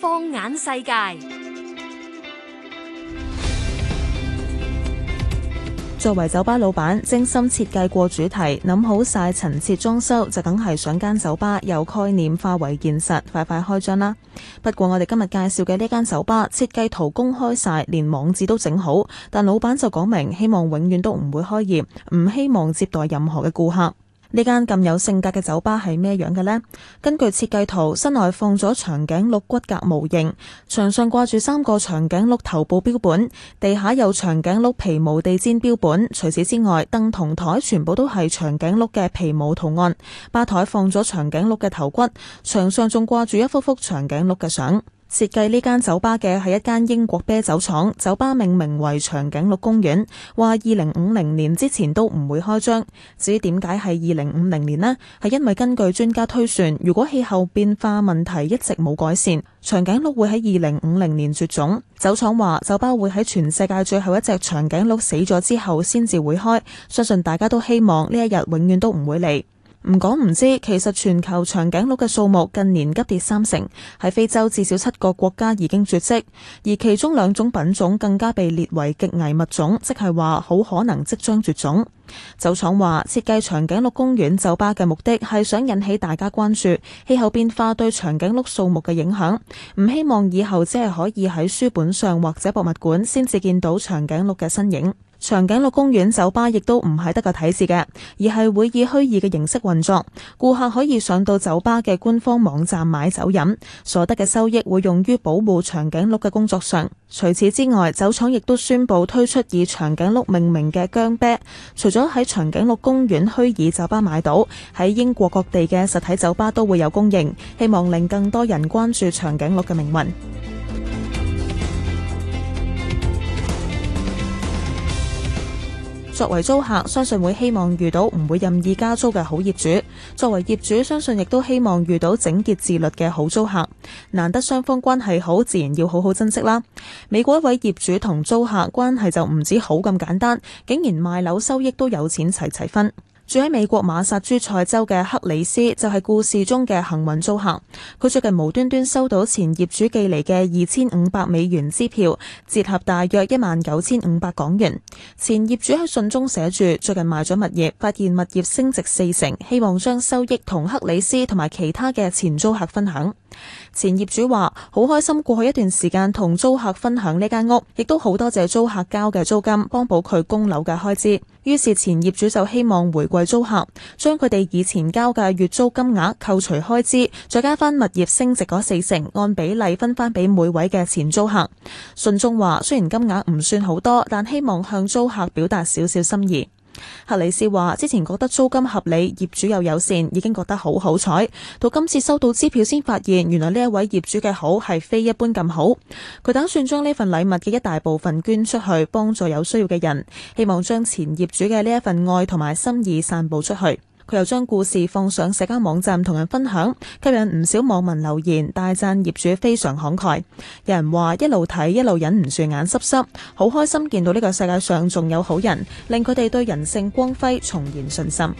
放眼世界，作為酒吧老闆，精心設計過主題，諗好晒陳設裝修，就梗係想間酒吧有概念化為現實，快快開張啦！不過我哋今日介紹嘅呢間酒吧，設計圖公開晒，連網址都整好，但老闆就講明，希望永遠都唔會開業，唔希望接待任何嘅顧客。呢間咁有性格嘅酒吧係咩樣嘅呢？根據設計圖，室內放咗長頸鹿骨骼模型，牆上掛住三個長頸鹿頭部標本，地下有長頸鹿皮毛地氈標本。除此之外，凳同台全部都係長頸鹿嘅皮毛圖案。吧台放咗長頸鹿嘅頭骨，牆上仲掛住一幅幅長頸鹿嘅相。設計呢間酒吧嘅係一間英國啤酒廠，酒吧命名為長頸鹿公園，話二零五零年之前都唔會開張。至於點解係二零五零年呢？係因為根據專家推算，如果氣候變化問題一直冇改善，長頸鹿會喺二零五零年絕種。酒廠話，酒吧會喺全世界最後一隻長頸鹿死咗之後先至會開，相信大家都希望呢一日永遠都唔會嚟。唔講唔知，其實全球長頸鹿嘅數目近年急跌三成，喺非洲至少七個國家已經絕迹，而其中兩種品種更加被列為極危物種，即係話好可能即將絕種。酒廠話設計長頸鹿公園酒吧嘅目的係想引起大家關注氣候變化對長頸鹿數目嘅影響，唔希望以後只係可以喺書本上或者博物館先至見到長頸鹿嘅身影。長頸鹿公園酒吧亦都唔係得個睇字嘅，而係會以虛擬嘅形式運作。顧客可以上到酒吧嘅官方網站買酒飲，所得嘅收益會用於保護長頸鹿嘅工作上。除此之外，酒廠亦都宣布推出以長頸鹿命名嘅薑啤，除咗喺長頸鹿公園虛擬酒吧買到，喺英國各地嘅實體酒吧都會有供應，希望令更多人關注長頸鹿嘅命運。作為租客，相信會希望遇到唔會任意加租嘅好業主；作為業主，相信亦都希望遇到整潔自律嘅好租客。難得雙方關係好，自然要好好珍惜啦。美國一位業主同租客關係就唔止好咁簡單，竟然賣樓收益都有錢齊齊分。住喺美國馬薩諸塞州嘅克里斯就係、是、故事中嘅幸運租客。佢最近無端端收到前業主寄嚟嘅二千五百美元支票，折合大約一萬九千五百港元。前業主喺信中寫住：最近賣咗物業，發現物業升值四成，希望將收益同克里斯同埋其他嘅前租客分享。前業主話：好開心過去一段時間同租客分享呢間屋，亦都好多謝租客交嘅租金，幫補佢供樓嘅開支。於是前業主就希望回饋租客，將佢哋以前交嘅月租金額扣除開支，再加返物業升值嗰四成，按比例分返俾每位嘅前租客。信中話，雖然金額唔算好多，但希望向租客表達少少心意。克里斯話，之前覺得租金合理，業主又友善，已經覺得好好彩。到今次收到支票，先發現原來呢一位業主嘅好係非一般咁好。佢打算將呢份禮物嘅一大部分捐出去，幫助有需要嘅人，希望將前業主嘅呢一份愛同埋心意散布出去。佢又將故事放上社交網站同人分享，吸引唔少網民留言大讚業主非常慷慨。有人話一路睇一路忍唔住眼濕濕，好開心見到呢個世界上仲有好人，令佢哋對人性光輝重燃信心。